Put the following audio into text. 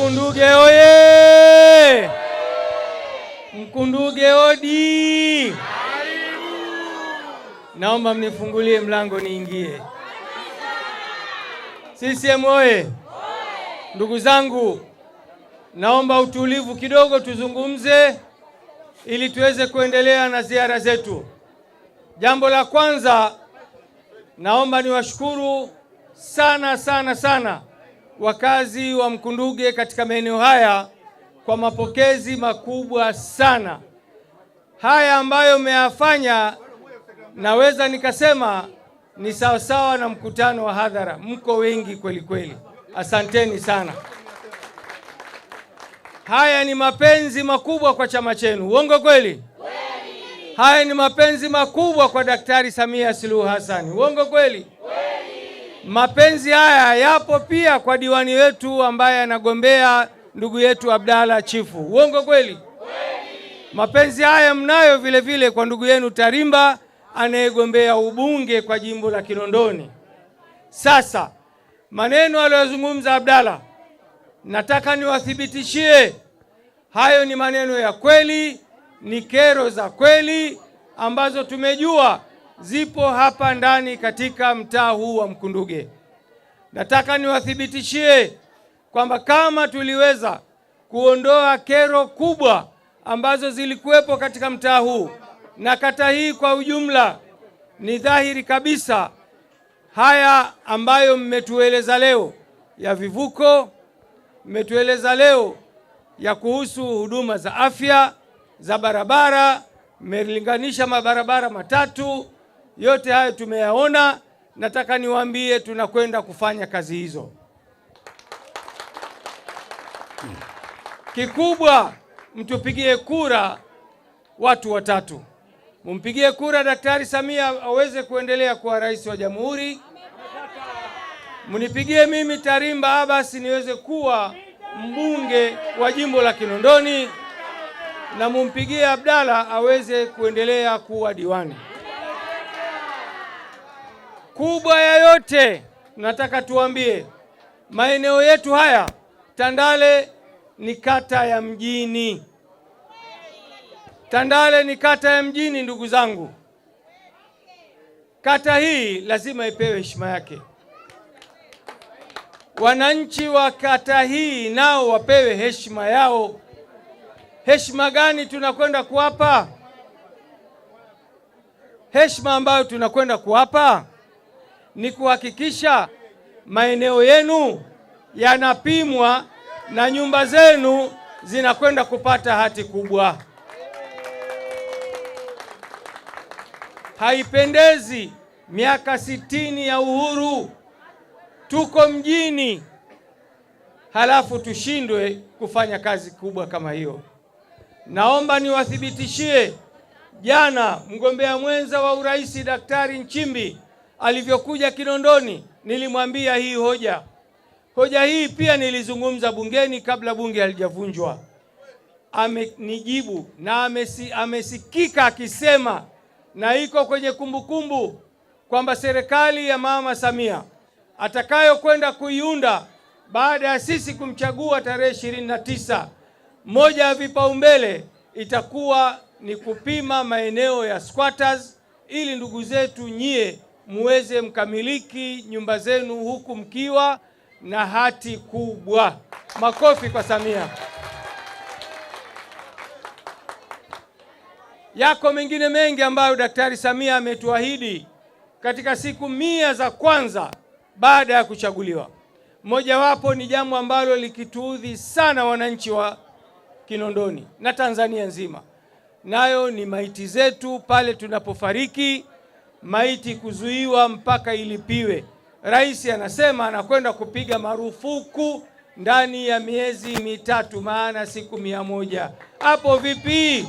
Mkunduge oye! Mkunduge odi! Naomba mnifungulie mlango niingie. CCM oye! Ndugu zangu, naomba utulivu kidogo, tuzungumze ili tuweze kuendelea na ziara zetu. Jambo la kwanza, naomba niwashukuru sana sana sana wakazi wa Mkunduge katika maeneo haya kwa mapokezi makubwa sana. Haya ambayo mmeyafanya naweza nikasema ni sawasawa na mkutano wa hadhara, mko wengi kweli kweli. Asanteni sana. Haya ni mapenzi makubwa kwa chama chenu, uongo kweli? Haya ni mapenzi makubwa kwa Daktari Samia Suluhu Hassan, uongo kweli? Mapenzi haya yapo pia kwa diwani wetu ambaye anagombea ndugu yetu Abdalla Chifu. Uongo kweli? Mapenzi haya mnayo vile vile kwa ndugu yenu Tarimba anayegombea ubunge kwa jimbo la Kinondoni. Sasa maneno aliyozungumza Abdalla, nataka niwathibitishie hayo ni maneno ya kweli, ni kero za kweli ambazo tumejua zipo hapa ndani katika mtaa huu wa Mkunduge. Nataka niwathibitishie kwamba kama tuliweza kuondoa kero kubwa ambazo zilikuwepo katika mtaa huu na kata hii kwa ujumla, ni dhahiri kabisa haya ambayo mmetueleza leo ya vivuko, mmetueleza leo ya kuhusu huduma za afya za barabara, mmelinganisha mabarabara matatu yote hayo tumeyaona, nataka niwaambie tunakwenda kufanya kazi hizo. Kikubwa mtupigie kura watu watatu, mumpigie kura Daktari Samia aweze kuendelea kuwa rais wa jamhuri, mnipigie mimi Tarimba Abasi niweze kuwa mbunge wa jimbo la Kinondoni, na mumpigie Abdalla aweze kuendelea kuwa diwani. Kubwa ya yote, nataka tuambie maeneo yetu haya, Tandale ni kata ya mjini. Tandale ni kata ya mjini, ndugu zangu. Kata hii lazima ipewe heshima yake. Wananchi wa kata hii nao wapewe heshima yao. Heshima gani tunakwenda kuwapa? Heshima ambayo tunakwenda kuwapa ni kuhakikisha maeneo yenu yanapimwa na nyumba zenu zinakwenda kupata hati kubwa. Haipendezi, miaka sitini ya uhuru tuko mjini, halafu tushindwe kufanya kazi kubwa kama hiyo. Naomba niwathibitishie, jana mgombea mwenza wa urais Daktari Nchimbi alivyokuja Kinondoni nilimwambia hii hoja. Hoja hii pia nilizungumza bungeni kabla bunge halijavunjwa. Amenijibu na amesi, amesikika akisema na iko kwenye kumbukumbu kwamba serikali ya Mama Samia atakayokwenda kuiunda baada ya sisi kumchagua tarehe ishirini na tisa, moja ya vipaumbele itakuwa ni kupima maeneo ya squatters ili ndugu zetu nyie muweze mkamiliki nyumba zenu huku mkiwa na hati kubwa. Makofi kwa Samia. Yako mengine mengi ambayo Daktari Samia ametuahidi katika siku mia za kwanza baada ya kuchaguliwa. Mojawapo ni jambo ambalo likituudhi sana wananchi wa Kinondoni na Tanzania nzima, nayo ni maiti zetu pale tunapofariki maiti kuzuiwa mpaka ilipiwe. Rais anasema anakwenda kupiga marufuku ndani ya miezi mitatu, maana siku mia moja. Hapo vipi?